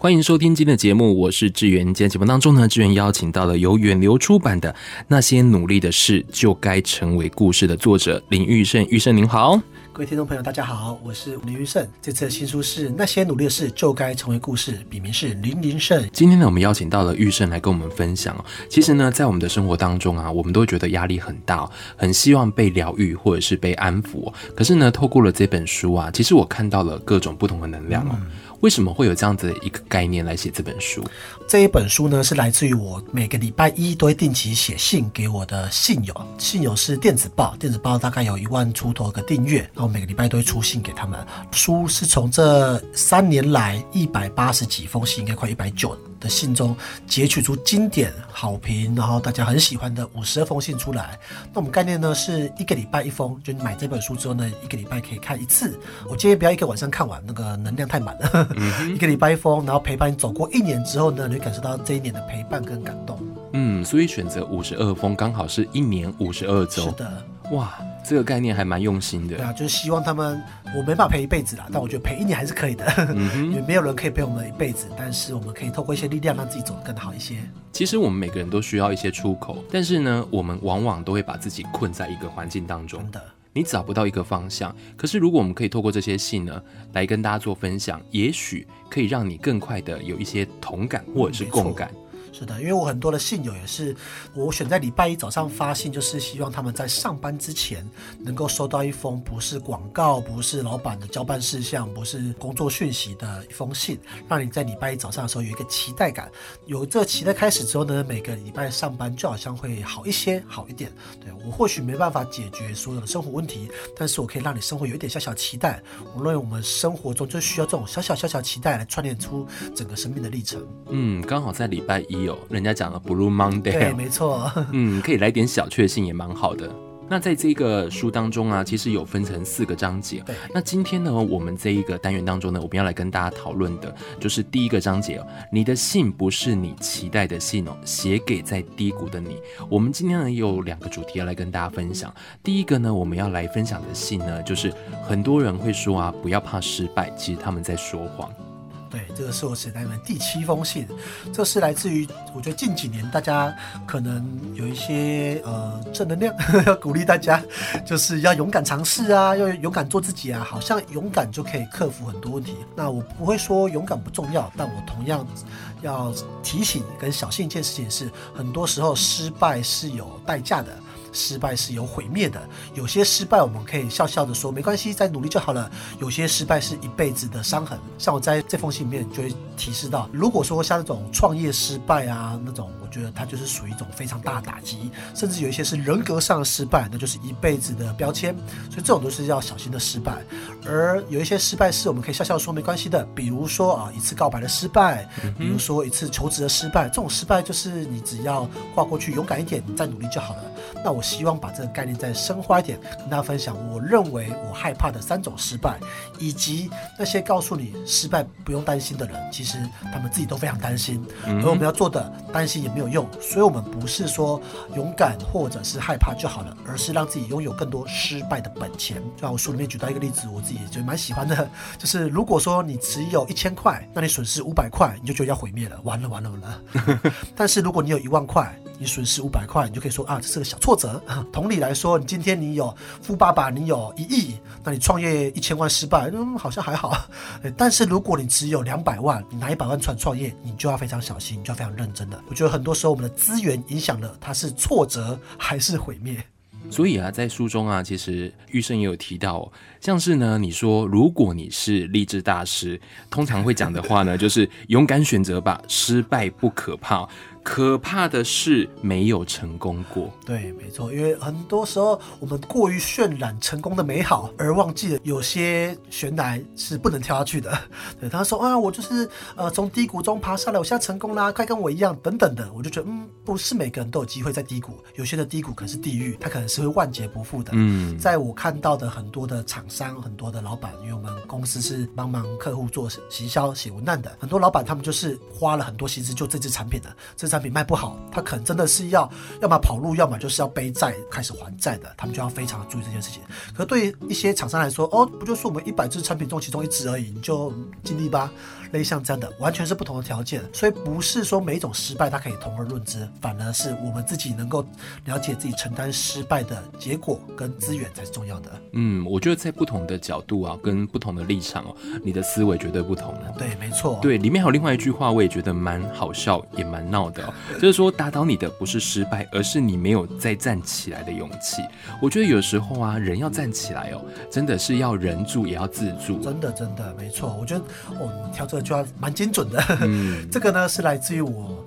歡迎收聽今天的節目，我是志源。今天節目當中呢，志源邀請到了由遠流出版的《那些努力的事就該成為故事》的作者林育聖。育聖您好，各位聽眾朋友，大家好，我是林育聖。這次的新書是《那些努力的事就該成為故事》，筆名是林林勝。今天呢，我們邀請到了育聖來跟我們分享。其實呢，在我們的生活當中啊，我們都會覺得壓力很大，很希望被療癒或者是被安撫。可是呢，透過了這本書啊，其實我看到了各種不同的能量啊、嗯為什麼會有這樣子的一個概念來寫這本書？這一本書呢，是來自於我每個禮拜一都會定期寫信給我的信友，信友是電子報，電子報大概有一萬出頭個訂閱，然後每個禮拜都會出信給他們。書是從這三年來一百八十幾封信，應該快一百九的信中截取出經典好評，然後大家很喜歡的五十二封信出來。那我們概念呢是一個禮拜一封，就你買這本書之後呢，一個禮拜可以看一次。我建議不要一個晚上看完，那個能量太滿了。 mm -hmm. 一個禮拜一封，然後陪伴你走過一年之後呢。感受到這一年的陪伴跟感動，嗯，所以選擇五十二封，剛好是一年五十二週。是的。哇，這個概念還蠻用心的。對啊，就是希望他們，我沒辦法陪一輩子啦，但我覺得陪一年還是可以的， 也沒有人可以陪我們一輩子，但是我們可以透過一些力量，讓自己走得更好一些。其實我們每個人都需要一些出口，但是呢，我們往往都會把自己困在一個環境當中。你找不到一個方向，可是如果我們可以透過這些信呢，來跟大家做分享，也許可以讓你更快的有一些同感或者是共感。是的，因為我很多的信友也是我選在禮拜一早上發信，就是希望他們在上班之前能夠收到一封不是廣告、不是老板的交辦事項、不是工作訊息的一封信，讓你在禮拜一早上的時候有一個期待感。有這期待開始之後呢，每個禮拜上班就好像會好一些、好一點。對，我或許沒辦法解決所有的生活問題，但是我可以讓你生活有一點小小期待。我認為我們生活中就需要這種小小小小期待來串聯出整個生命的歷程。嗯，剛好在禮拜一。有人家講了 Blue Monday，對，沒錯，嗯，可以來點小確幸也蠻好的。那在這個書當中啊，其實有分成四個章節。對，那今天呢，我們這一個單元當中呢，我們要來跟大家討論的就是第一個章節喔，你的信不是你期待的信哦，寫給在低谷的你。我們今天呢，有兩個主題要來跟大家分享。第一個呢，我們要來分享的信呢，就是很多人會說啊，不要怕失敗，其實他們在說謊。對，這個是我寫給你們第七封信，這是來自於我覺得近幾年大家可能有一些呃正能量，呵呵，要鼓勵大家就是要勇敢嘗試啊，要勇敢做自己啊，好像勇敢就可以克服很多問題。那我不會說勇敢不重要，但我同樣要提醒跟小心一件事情是，很多時候失敗是有代價的。失敗是有毀滅的，有些失敗我們可以笑笑的說沒關係，再努力就好了。有些失敗是一輩子的傷痕，像我在這封信裡面就會提示到，如果說像這種創業失敗啊那種，我覺得它就是屬於一種非常大的打擊，甚至有一些是人格上的失敗，那就是一輩子的標籤。所以這種都是要小心的失敗。而有一些失敗是我們可以笑笑說沒關係的，比如說啊一次告白的失敗，比如說一次求職的失敗，這種失敗就是你只要跨過去，勇敢一點，你再努力就好了。那我，希望把這個概念再深化一點，跟大家分享。我認為我害怕的三種失敗，以及那些告訴你失敗不用擔心的人，其實他們自己都非常擔心。所以我們要做的，擔心也沒有用。所以，我們不是說勇敢或者是害怕就好了，而是讓自己擁有更多失敗的本錢。就像我書裡面舉到一個例子，我自己就蠻喜歡的，就是如果說你只有一千塊，那你損失五百塊你就覺得要毀滅了，完了完了完了。完了 但是如果你有一萬塊，你損失五百塊，你就可以說啊，這是個小挫折。同理來說，你今天你有富爸爸，你有一億，那你創業一千萬失敗，嗯，好像還好。但是如果你只有兩百萬，你拿一百萬出來創業，你就要非常小心，你就要非常認真的。我覺得很多時候我們的資源影響了它是挫折還是毀滅。所以啊，在書中啊，其實育聖也有提到，像是呢，你說如果你是勵志大師，通常會講的話呢， 就是勇敢選擇吧，失敗不可怕。可怕的是沒有成功過，對，沒錯，因為很多時候我們過於渲染成功的美好，而忘記了有些懸崖是不能跳下去的。對，他說啊，我就是呃從低谷中爬上來，我現在成功啦，啊，快跟我一樣，等等的，我就覺得嗯，不是每個人都有機會在低谷，有些的低谷可能是地獄，他可能是會萬劫不復的。嗯，在我看到的很多的廠商、很多的老闆，因為我們公司是幫忙，忙客戶做行銷、寫文案的，很多老闆他們就是花了很多心思就這支產品了，這支產品賣不好，他可能真的是要要麼跑路，要麼就是要背債開始還債的。他們就要非常注意這件事情。可是對一些廠商來說，哦，不就是我們一百隻產品中其中一隻而已，你就盡力吧。類像這樣的，完全是不同的條件。所以不是說每一種失敗，它可以同而論之。反而是我們自己能夠了解自己承擔失敗的結果跟資源才是重要的。嗯，我覺得在不同的角度啊，跟不同的立場哦，你的思維絕對不同哦。對，沒錯。對，裡面還有另外一句話，我也覺得蠻好笑，也蠻鬧的。就是說，打倒你的不是失敗，而是你沒有再站起來的勇氣。我覺得有時候啊，人要站起來哦，真的是要人助也要自助。真的，真的，沒錯。我覺得哦，你挑這個就要蠻精準的。 這個呢，是來自於我。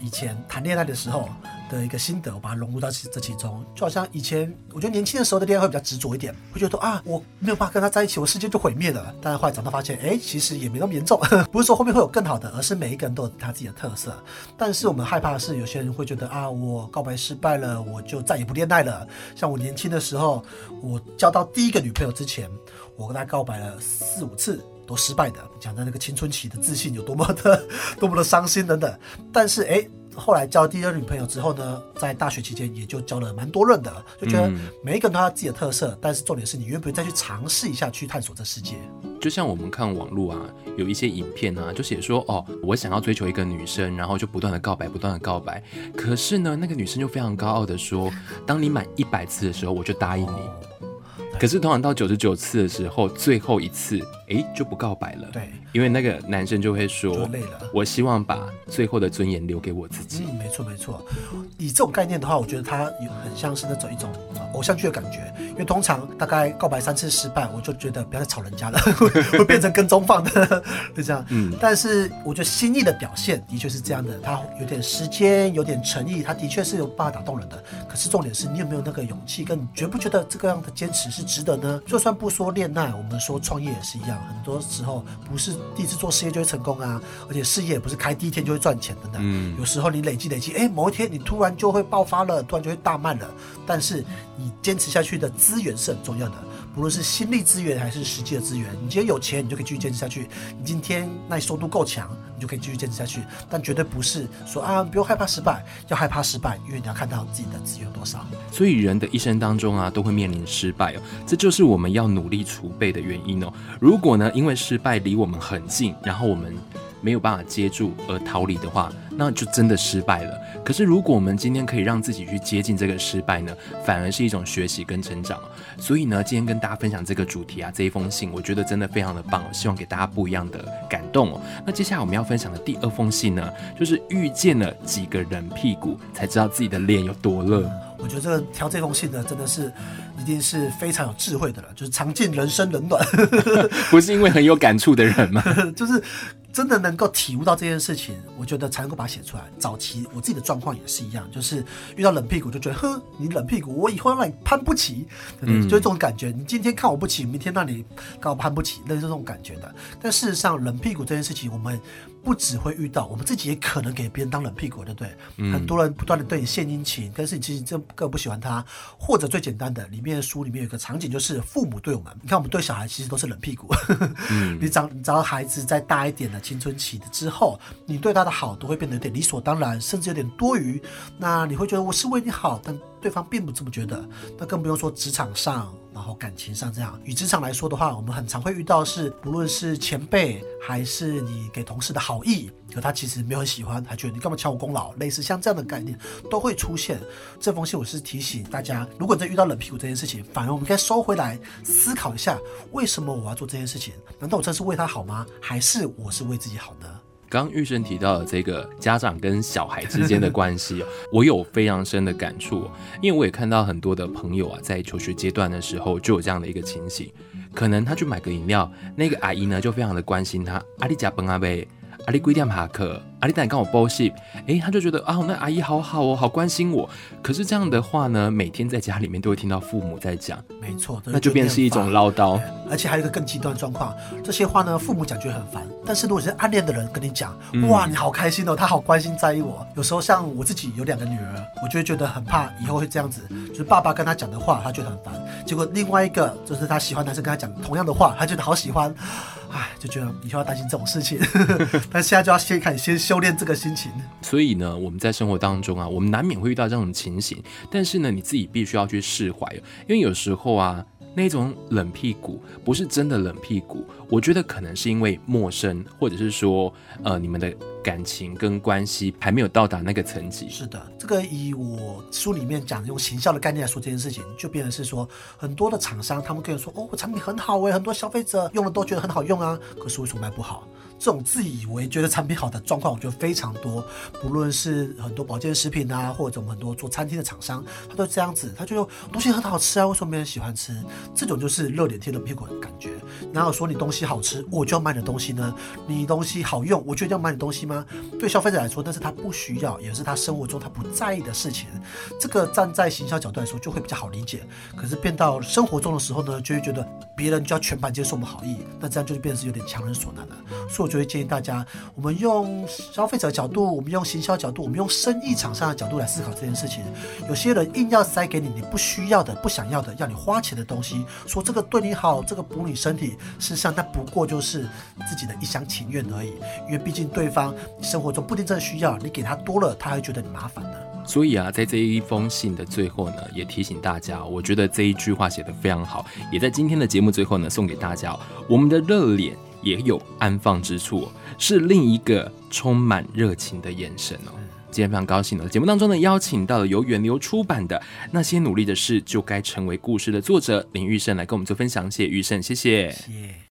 以前談戀愛的時候的一個心得，我把它融入到其這其中，就好像以前，我覺得年輕的時候的戀愛會比較執着一點，會覺得啊，我沒有辦法跟他在一起，我世界就毀滅了。但是後來長大發現，哎，其實也沒那麼嚴重，不是說後面會有更好的，而是每一個人都有他自己的特色。但是我們害怕的是，有些人會覺得啊，我告白失敗了，我就再也不戀愛了。像我年輕的時候，我交到第一個女朋友之前，我跟她告白了四五次。都失敗的，講的那個青春期的自信有多麼的，多麼的傷心等等。但是哎，後來交第二女朋友之後呢，在大學期間也就交了蠻多任的，就覺得每一個人都有自己的特色，嗯。但是重點是你願不願意再去嘗試一下，去探索這世界。就像我們看網絡啊，有一些影片啊，就寫說哦，我想要追求一個女生，然後就不斷的告白，不斷的告白。可是呢，那個女生就非常高傲的說，當你滿一百次的時候，我就答應你。哦可是通常到九十九次的時候，最後一次，哎、欸，就不告白了。對。因為那個男生就會說，我累了，我希望把最後的尊嚴留給我自己。嗯，沒錯沒錯。以這種概念的話，我覺得他有很像是那種一種。偶像劇的感覺，因為通常大概告白三次失敗，我就覺得不要再吵人家了，會變成跟蹤犯的， 就這樣。嗯。但是我覺得心意的表現的確是這樣的，他有點時間，有點誠意，他的確是有辦法打動人的。可是重點是你有沒有那個勇氣，跟你覺不覺得這個樣的堅持是值得呢？就算不說戀愛，我們說創業也是一樣，很多時候不是第一次做事業就會成功啊，而且事業也不是開第一天就會賺錢的。嗯。有時候你累積累積，哎、欸，某一天你突然就會爆發了，突然就會大賣了。但是。你堅持下去的資源是很重要的，不論是心力資源還是實際的資源。你今天有錢，你就可以繼續堅持下去；你今天耐受度夠強，你就可以繼續堅持下去。但絕對不是說啊，不用害怕失敗，要害怕失敗，因為你要看到自己的資源有多少。所以人的一生當中啊，都會面臨失敗哦、喔，這就是我們要努力儲備的原因哦、喔。如果呢，因為失敗離我們很近，然後我們。沒有辦法接住而逃離的話，那就真的失敗了。可是如果我們今天可以讓自己去接近這個失敗呢，反而是一種學習跟成長。所以呢，今天跟大家分享這個主題啊，這一封信，我覺得真的非常的棒，我希望給大家不一樣的感動哦。那接下來我們要分享的第二封信呢，就是遇見了幾個人屁股，才知道自己的臉有多熱。我覺得這個挑這封信呢，真的是。一定是非常有智慧的了，就是嘗盡人生冷暖。 不是因為很有感觸的人嗎？ 就是真的能夠體悟到這件事情，我覺得才能夠把它寫出來。早期我自己的狀況也是一樣，就是遇到冷屁股就覺得呵，你冷屁股，我以後讓你攀不起，對，對、嗯、就這種感覺，你今天看我不起，明天讓你看我攀不起，那是這種感覺的。但事實上，冷屁股這件事情，我們不只會遇到，我們自己也可能給別人當冷屁股，對不對？嗯、很多人不斷的對你獻殷勤，但是你其實真更不喜歡他，或者最簡單的你。面的書裡面有個場景，就是父母對我們，你看我們對小孩其實都是冷屁股。 嗯、你長你照孩子再大一點的、啊、青春期的之後，你對他的好都會變得有點理所當然，甚至有點多餘。那你會覺得我是為你好，但。對方並不這麼覺得，那更不用說職場上，然後感情上這樣。以職場來說的話，我們很常會遇到是，不論是前輩還是你給同事的好意，可他其實沒有很喜歡，還覺得你幹嘛搶我功勞，類似像這樣的概念都會出現。這封信我是提醒大家，如果再遇到冷屁股這件事情，反而我們該收回來，思考一下，為什麼我要做這件事情？難道我真是為他好嗎？還是我是為自己好呢？剛剛育聖提到的這個家長跟小孩之間的關係，我有非常深的感觸，因為我也看到很多的朋友啊，在求學階段的時候就有這樣的一個情形，可能他去買個飲料，那個阿姨呢就非常的關心他，阿里加本阿唄，阿里規定帕克。阿姨蛋跟我包戲，哎，他就覺得啊、哦，那阿姨好好哦，好關心我。可是這樣的話呢，每天在家裡面都會聽到父母在講，沒錯，那就變是一種嘮叨。而且還有一個更極端的狀況，這些話呢，父母講覺得很煩。但是如果是暗戀的人跟你講、嗯，哇，你好開心哦，他好關心在意我。有時候像我自己有兩個女兒，我就會覺得很怕，以後會這樣子，就是爸爸跟他講的話，他覺得很煩。結果另外一個就是他喜歡男生跟他講同樣的話，他覺得好喜歡，哎，就覺得以後要擔心這種事情。 但是現在就要先看先修。修煉這個心情，所以呢，我們在生活當中啊，我們難免會遇到這種情形，但是呢，你自己必須要去釋懷，因為有時候啊，那種冷屁股不是真的冷屁股，我覺得可能是因為陌生，或者是說，呃，你們的。感情跟關係還沒有到達那個層級。是的，這個以我書裡面講的，用行銷的概念來說這件事情，就變成是說很多的廠商，他們可以說哦，我產品很好哎、欸，很多消費者用了都覺得很好用啊，可是為什麼賣不好？這種自以為覺得產品好的狀況，我覺得非常多。不論是很多保健食品啊，或者我們很多做餐廳的廠商，他都這樣子，他就東西很好吃啊，為什麼沒人喜歡吃？這種就是熱臉貼冷屁股的感覺。哪有說你東西好吃，我就要買你的東西呢？你東西好用，我就要買你的東西嗎？對消費者來說，那是他不需要，也是他生活中他不在意的事情。這個站在行銷角度來說，就會比較好理解。可是變到生活中的時候呢，就會覺得別人就要全盤接受我們好意，那這樣就變成是有點強人所難了。所以，我就會建議大家，我們用消費者角度，我們用行銷角度，我們用生意場上的角度來思考這件事情。有些人硬要塞給你你不需要的、不想要的、要你花錢的東西，說這個對你好，這個補你身體，實際上它不過就是自己的一廂情願而已。因為畢竟對方。生活中不一定真的需要，你給他多了，他還覺得你麻煩呢、啊。所以啊，在這一封信的最後呢，也提醒大家、哦，我覺得這一句話寫得非常好，也在今天的節目最後呢，送給大家、哦。我們的熱臉也有安放之處、哦，是另一個充滿熱情的眼神哦。今天非常高興呢、哦，節目當中呢，邀請到了由遠流出版的《那些努力的事就該成為故事》的作者林育聖來跟我們做分享。謝謝育聖，謝謝。謝謝。